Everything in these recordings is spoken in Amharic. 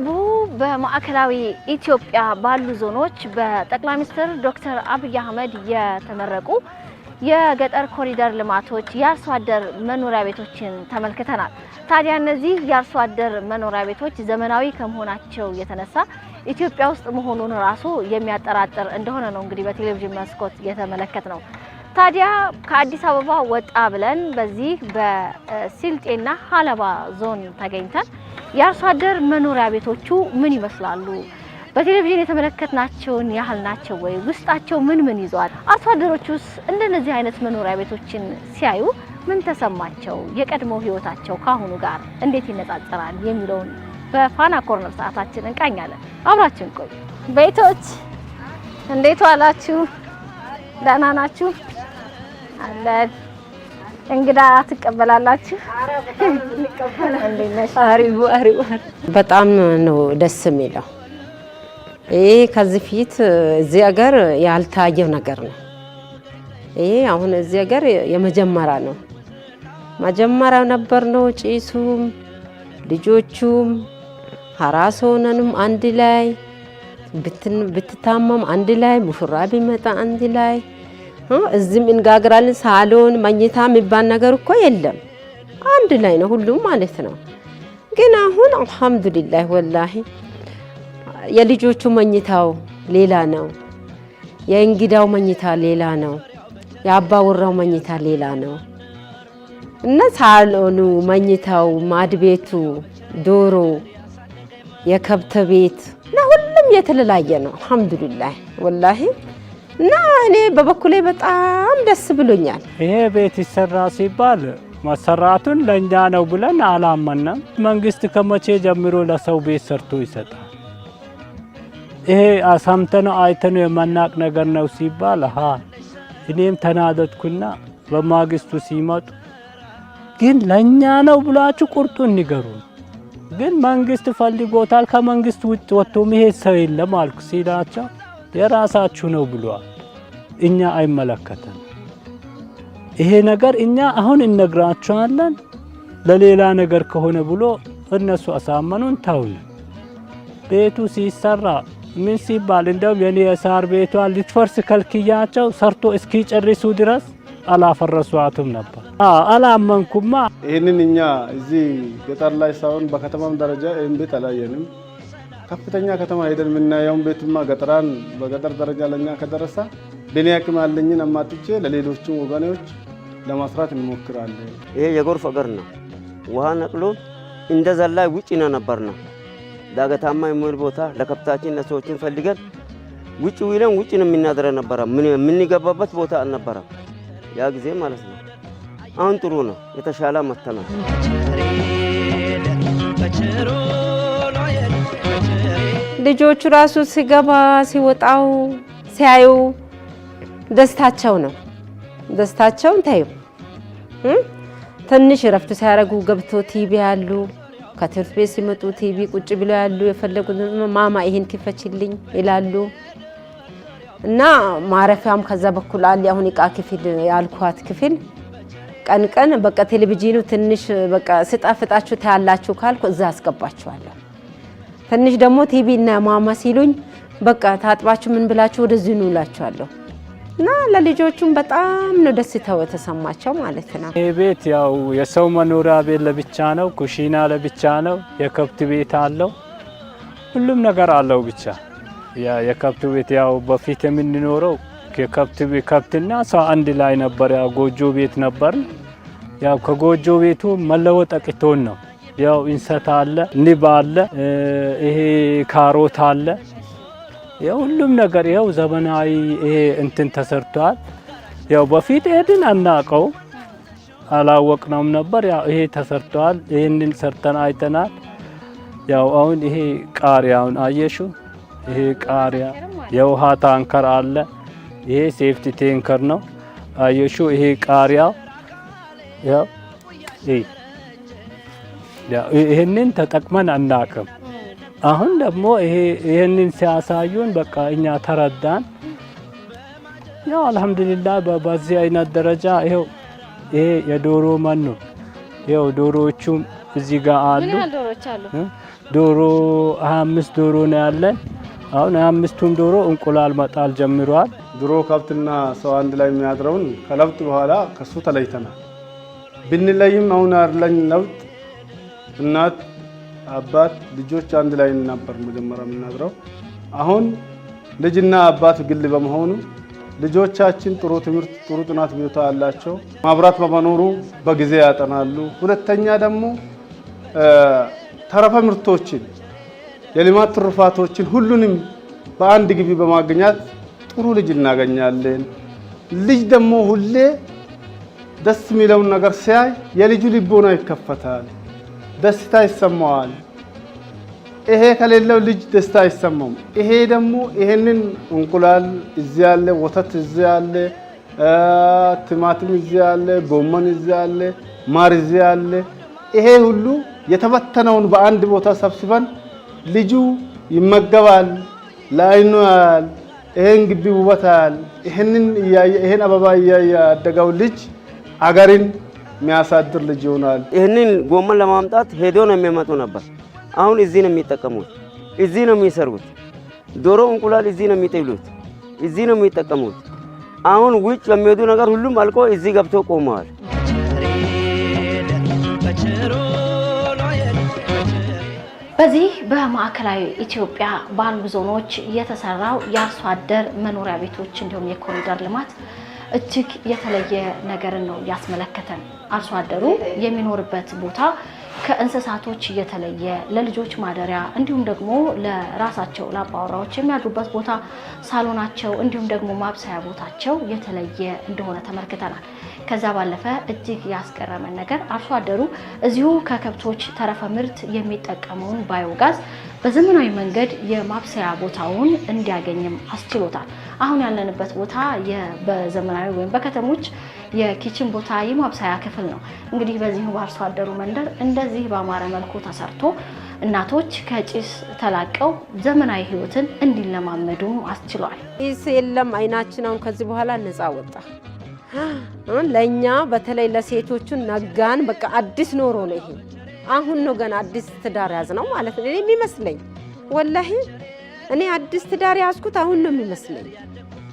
በቅርቡ በማዕከላዊ ኢትዮጵያ ባሉ ዞኖች በጠቅላይ ሚኒስትር ዶክተር አብይ አህመድ የተመረቁ የገጠር ኮሪደር ልማቶች የአርሶ አደር መኖሪያ ቤቶችን ተመልክተናል። ታዲያ እነዚህ የአርሶ አደር መኖሪያ ቤቶች ዘመናዊ ከመሆናቸው የተነሳ ኢትዮጵያ ውስጥ መሆኑን ራሱ የሚያጠራጥር እንደሆነ ነው እንግዲህ በቴሌቪዥን መስኮት የተመለከት ነው። ታዲያ ከአዲስ አበባ ወጣ ብለን በዚህ በሲልጤና ሀለባ ዞን ተገኝተን የአርሶ አደር መኖሪያ ቤቶቹ ምን ይመስላሉ? በቴሌቪዥን የተመለከትናቸውን ያህል ናቸው ወይ? ውስጣቸው ምን ምን ይዟል? አርሶ አደሮቹስ እንደነዚህ አይነት መኖሪያ ቤቶችን ሲያዩ ምን ተሰማቸው? የቀድሞ ህይወታቸው ከአሁኑ ጋር እንዴት ይነጻጸራል? የሚለውን በፋና ኮርነር ሰዓታችን እንቃኛለን። አብራችን ቆዩ። ቤቶች እንዴት ዋላችሁ? ደህና ናችሁ? አለን እንግዳ ትቀበላላችሁ? አሪፍ አሪፍ። በጣም ነው ደስ የሚለው። ይሄ ከዚህ ፊት እዚህ ሀገር ያልታየው ነገር ነው። ይሄ አሁን እዚህ ሀገር የመጀመሪያ ነው። መጀመሪያ ነበር ነው። ጭሱም ልጆቹም ሀራስ ሆነንም አንድ ላይ ብትታመም አንድ ላይ ሙሽራ ቢመጣ አንድ ላይ እዚህም እንጋግራለን። ሳሎን መኝታ የሚባል ነገር እኮ የለም። አንድ ላይ ነው ሁሉም ማለት ነው። ግን አሁን አልሐምዱሊላህ ወላሂ የልጆቹ መኝታው ሌላ ነው። የእንግዳው መኝታ ሌላ ነው። የአባወራው መኝታ ሌላ ነው እና ሳሎኑ፣ መኝታው፣ ማድቤቱ፣ ዶሮ፣ የከብት ቤት እና ሁሉም የተለላየ ነው። አልሐምዱሊላህ ወላሂ እና እኔ በበኩሌ በጣም ደስ ብሎኛል። ይሄ ቤት ይሰራ ሲባል መሰራቱን ለእኛ ነው ብለን አላመነም። መንግስት ከመቼ ጀምሮ ለሰው ቤት ሰርቶ ይሰጣል? ይሄ አሳምተነው አይተነው የመናቅ ነገር ነው ሲባል ሀ እኔም ተናደድኩና በማግስቱ ሲመጡ ግን ለእኛ ነው ብላችሁ ቁርጡ እንገሩ፣ ግን መንግስት ፈልጎታል፣ ከመንግስት ውጭ ወጥቶ መሄድ ሰው የለም አልኩ ሲላቸው የራሳችሁ ነው ብሏል። እኛ አይመለከተን። ይሄ ነገር እኛ አሁን እነግራችኋለን ለሌላ ነገር ከሆነ ብሎ እነሱ አሳመኑን። ተውን ቤቱ ሲሰራ ምን ሲባል እንደውም የኔ የሳር ቤቷ ልትፈርስ ከልክያቸው ሰርቶ እስኪጨርሱ ድረስ አላፈረሷትም ነበር። አላመንኩማ። ይህንን እኛ እዚህ ገጠር ላይ ሳይሆን በከተማም ደረጃ ይህን ቤት አላየንም። ከፍተኛ ከተማ ሄደን የምናየውን ቤትማ ገጠራን በገጠር ደረጃ ለኛ ከደረሰ በኔ አቅም ያለኝን አማጥቼ ለሌሎቹ ወገኔዎች ለማስራት እንሞክራለን። ይሄ የጎርፍ አገር ነው። ውሃ ነቅሎ እንደ ዘላይ ውጭ ነው ነበር ነው ዳገታማ የሚሆን ቦታ ለከብታችን ለሰዎችን ፈልገን ውጭ ውለን ውጭ ነው የምናደረ ነበረ። የምንገባበት ቦታ አልነበረም ያ ጊዜ ማለት ነው። አሁን ጥሩ ነው፣ የተሻለ መተናል። ልጆቹ ራሱ ሲገባ ሲወጣው ሲያዩ ደስታቸው ነው። ደስታቸውን ታዩ። ትንሽ እረፍት ሲያደርጉ ገብቶ ቲቪ ያሉ ከትምህርት ቤት ሲመጡ ቲቪ ቁጭ ብለው ያሉ የፈለጉት ማማ ይህን ክፈችልኝ ይላሉ። እና ማረፊያም ከዛ በኩል አለ። አሁን እቃ ክፍል ያልኳት ክፍል ቀን ቀን በቃ ቴሌቪዥኑ ትንሽ በቃ ስጣፍጣችሁ ታያላችሁ ካልኩ እዛ አስገባችኋለሁ። ትንሽ ደግሞ ቲቪ እና ማማ ሲሉኝ በቃ ታጥባችሁ ምን ብላችሁ ወደዚህ ኑ እና ለልጆቹም በጣም ነው ደስታው የተሰማቸው ማለት ነው። ይህ ቤት ያው የሰው መኖሪያ ቤት ለብቻ ነው፣ ኩሽና ለብቻ ነው፣ የከብት ቤት አለው፣ ሁሉም ነገር አለው። ብቻ የከብት ቤት ያው በፊት የምንኖረው ከብትና ሰው አንድ ላይ ነበር። ያው ጎጆ ቤት ነበር። ያው ከጎጆ ቤቱ መለወጥ አቅቶን ነው ያው እንሰት አለ፣ ንብ አለ፣ ይሄ ካሮት አለ። የሁሉም ነገር ይኸው ዘመናዊ ይሄ እንትን ተሰርቷል። ያው በፊት ሄድን አናቀው አላወቅነውም ነበር። ያው ይሄ ተሰርቷል። ይሄንን ሰርተን አይተናል። ያው አሁን ይሄ ቃሪያውን አየሹ። ይሄ ቃሪያ የውሃ ታንከር አለ። ይሄ ሴፍቲ ቴንከር ነው። አየሹ ይሄ ቃሪያ ያው ይህንን ተጠቅመን አናቅም። አሁን ደግሞ ይህንን ሲያሳዩን በቃ እኛ ተረዳን። ያው አልሐምዱሊላህ በዚህ አይነት ደረጃ ይሄው ይሄ የዶሮ መኖ ይሄው ዶሮዎቹም እዚህ ጋር አሉ። ዶሮ አምስት ዶሮ ነው ያለን። አሁን 25 ዶሮ እንቁላል መጣል ጀምረዋል። ድሮ ከብትና ሰው አንድ ላይ የሚያድረውን ከለብጥ በኋላ ከሱ ተለይተናል። ብንለይም አሁን አርለኝ ለውጥ እናት፣ አባት፣ ልጆች አንድ ላይ ነበር መጀመሪያ የምናድረው። አሁን ልጅና አባት ግል በመሆኑ ልጆቻችን ጥሩ ትምህርት፣ ጥሩ ጥናት ቦታ አላቸው። ማብራት በመኖሩ በጊዜ ያጠናሉ። ሁለተኛ ደግሞ ተረፈ ምርቶችን የልማት ትሩፋቶችን ሁሉንም በአንድ ግቢ በማግኘት ጥሩ ልጅ እናገኛለን። ልጅ ደግሞ ሁሌ ደስ የሚለውን ነገር ሲያይ የልጁ ልቦና ይከፈታል። ደስታ ይሰማዋል። ይሄ ከሌለው ልጅ ደስታ አይሰማውም። ይሄ ደግሞ ይሄንን እንቁላል እዚህ ያለ ወተት እዚህ ያለ ቲማቲም እዚህ ያለ ጎመን እዚህ ያለ ማር እዚህ ያለ ይሄ ሁሉ የተበተነውን በአንድ ቦታ ሰብስበን ልጁ ይመገባል፣ ለአይኑ ይሄን ግቢ ውበታል። ይሄንን ይሄን አበባ እያየ ያደገው ልጅ አገርን የሚያሳድር ልጅ ይሆናል። ይህንን ጎመን ለማምጣት ሄዶ ነው የሚመጡ ነበር። አሁን እዚህ ነው የሚጠቀሙት፣ እዚህ ነው የሚሰሩት። ዶሮ እንቁላል እዚህ ነው የሚጥሉት፣ እዚህ ነው የሚጠቀሙት። አሁን ውጭ የሚሄዱ ነገር ሁሉም አልቆ እዚህ ገብቶ ቆመዋል። በዚህ በማዕከላዊ ኢትዮጵያ ባሉ ዞኖች የተሰራው የአርሶ አደር መኖሪያ ቤቶች እንዲሁም የኮሪደር ልማት እጅግ የተለየ ነገርን ነው ያስመለከተን። አርሶ አደሩ የሚኖርበት ቦታ ከእንስሳቶች የተለየ ለልጆች ማደሪያ እንዲሁም ደግሞ ለራሳቸው ለአባወራዎች የሚያድሩበት ቦታ ሳሎናቸው፣ እንዲሁም ደግሞ ማብሰያ ቦታቸው የተለየ እንደሆነ ተመልክተናል። ከዛ ባለፈ እጅግ ያስገረመን ነገር አርሶ አደሩ እዚሁ ከከብቶች ተረፈ ምርት የሚጠቀመውን ባዮጋዝ በዘመናዊ መንገድ የማብሰያ ቦታውን እንዲያገኝም አስችሎታል። አሁን ያለንበት ቦታ በዘመናዊ ወይም በከተሞች የኪችን ቦታ የማብሰያ ክፍል ነው። እንግዲህ በዚህ በአርሶ አደሩ መንደር እንደዚህ በአማረ መልኩ ተሰርቶ እናቶች ከጭስ ተላቀው ዘመናዊ ህይወትን እንዲለማመዱ አስችሏል። ጭስ የለም። አይናችን አሁን ከዚህ በኋላ ነፃ ወጣ። ለእኛ በተለይ ለሴቶቹ ነጋን። በቃ አዲስ ኖሮ ነው ይሄ። አሁን ነው ገና አዲስ ትዳር ያዝ ነው ማለት ነው የሚመስለኝ ወላሂ እኔ አዲስ ትዳር ያዝኩት አሁን ነው የሚመስለኝ።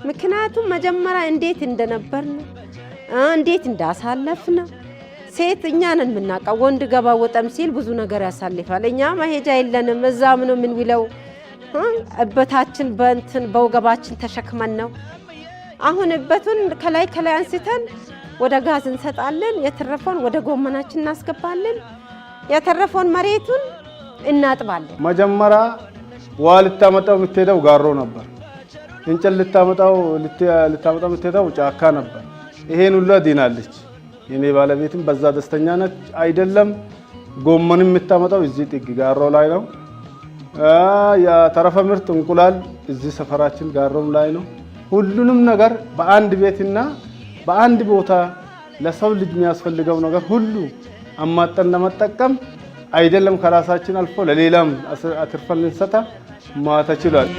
ምክንያቱም መጀመሪያ እንዴት እንደነበርን እንዴት እንዳሳለፍን ሴት እኛ ነን የምናውቀው። ወንድ ገባ ወጠም ሲል ብዙ ነገር ያሳልፋል። እኛ መሄጃ የለንም። እዛ ምን የምንውለው። እበታችን በእንትን በወገባችን ተሸክመን ነው። አሁን እበቱን ከላይ ከላይ አንስተን ወደ ጋዝ እንሰጣለን። የተረፈውን ወደ ጎመናችን እናስገባለን። የተረፈውን መሬቱን እናጥባለን መጀመሪያ ውሃ ልታመጣው የምትሄደው ጋሮ ነበር። እንጨት ልታመጣው ልታመጣው የምትሄደው ጫካ ነበር። ይሄን ሁሉ አዲናለች የኔ ባለቤትም በዛ ደስተኛ ነች። አይደለም ጎመን የምታመጣው እዚህ ጥግ ጋሮ ላይ ነው። የተረፈ ምርት እንቁላል እዚህ ሰፈራችን ጋሮም ላይ ነው። ሁሉንም ነገር በአንድ ቤትና በአንድ ቦታ ለሰው ልጅ የሚያስፈልገው ነገር ሁሉ አማጠን ለመጠቀም አይደለም ከራሳችን አልፎ ለሌላም አትርፈን ልንሰጣ ማታ ችሏል።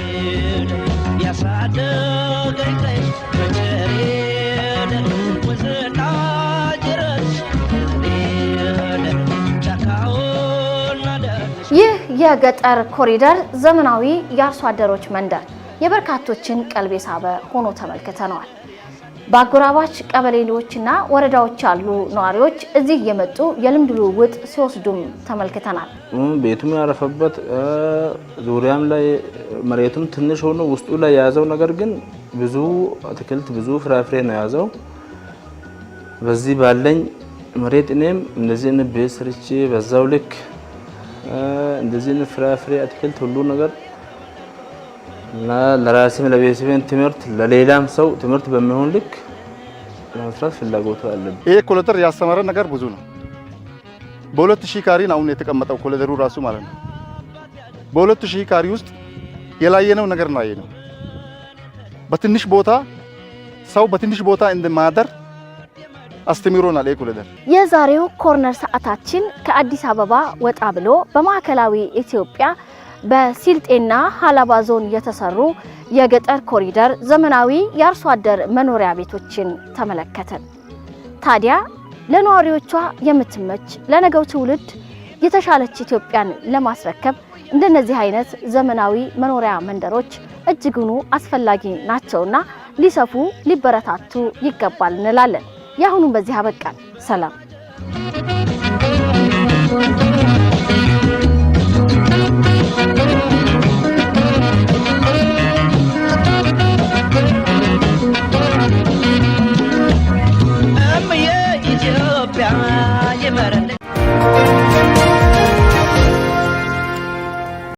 ይህ የገጠር ኮሪደር ዘመናዊ የአርሶ አደሮች መንደር የበርካቶችን ቀልብ የሳበ ሆኖ ተመልክተነዋል። በአጎራባች ቀበሌዎችና ወረዳዎች ያሉ ነዋሪዎች እዚህ የመጡ የልምድ ልውውጥ ሲወስዱም ተመልክተናል። ቤቱም ያረፈበት ዙሪያም ላይ መሬቱም ትንሽ ሆኖ ውስጡ ላይ የያዘው ነገር ግን ብዙ አትክልት ብዙ ፍራፍሬ ነው የያዘው። በዚህ ባለኝ መሬት እኔም እንደዚህ ቤት ሰርቼ በዛው ልክ እንደዚህ ፍራፍሬ አትክልት ሁሉ ነገር እና ለራሴም ለቤተሰቤን ትምህርት ለሌላም ሰው ትምህርት በሚሆን ልክ ለመስራት ፍላጎቱ አለብኝ። ይሄ ኮለተር ያስተማረ ነገር ብዙ ነው። በሁለት ሺህ ካሪን አሁን የተቀመጠው ኮሪደሩ ራሱ ማለት ነው። በሁለት ሺህ ካሪ ውስጥ የላየነው ነገር ነው ያየነው። በትንሽ ቦታ ሰው በትንሽ ቦታ እንደማያደር አስተምሮናል። ኮሪደር የዛሬው ኮርነር ሰዓታችን ከአዲስ አበባ ወጣ ብሎ በማዕከላዊ ኢትዮጵያ በሲልጤና ሀላባ ዞን የተሰሩ የገጠር ኮሪደር ዘመናዊ የአርሶ አደር መኖሪያ ቤቶችን ተመለከትን። ታዲያ ለነዋሪዎቿ የምትመች ለነገው ትውልድ የተሻለች ኢትዮጵያን ለማስረከብ እንደነዚህ አይነት ዘመናዊ መኖሪያ መንደሮች እጅግኑ አስፈላጊ ናቸውና ሊሰፉ ሊበረታቱ ይገባል እንላለን። የአሁኑም በዚህ አበቃል። ሰላም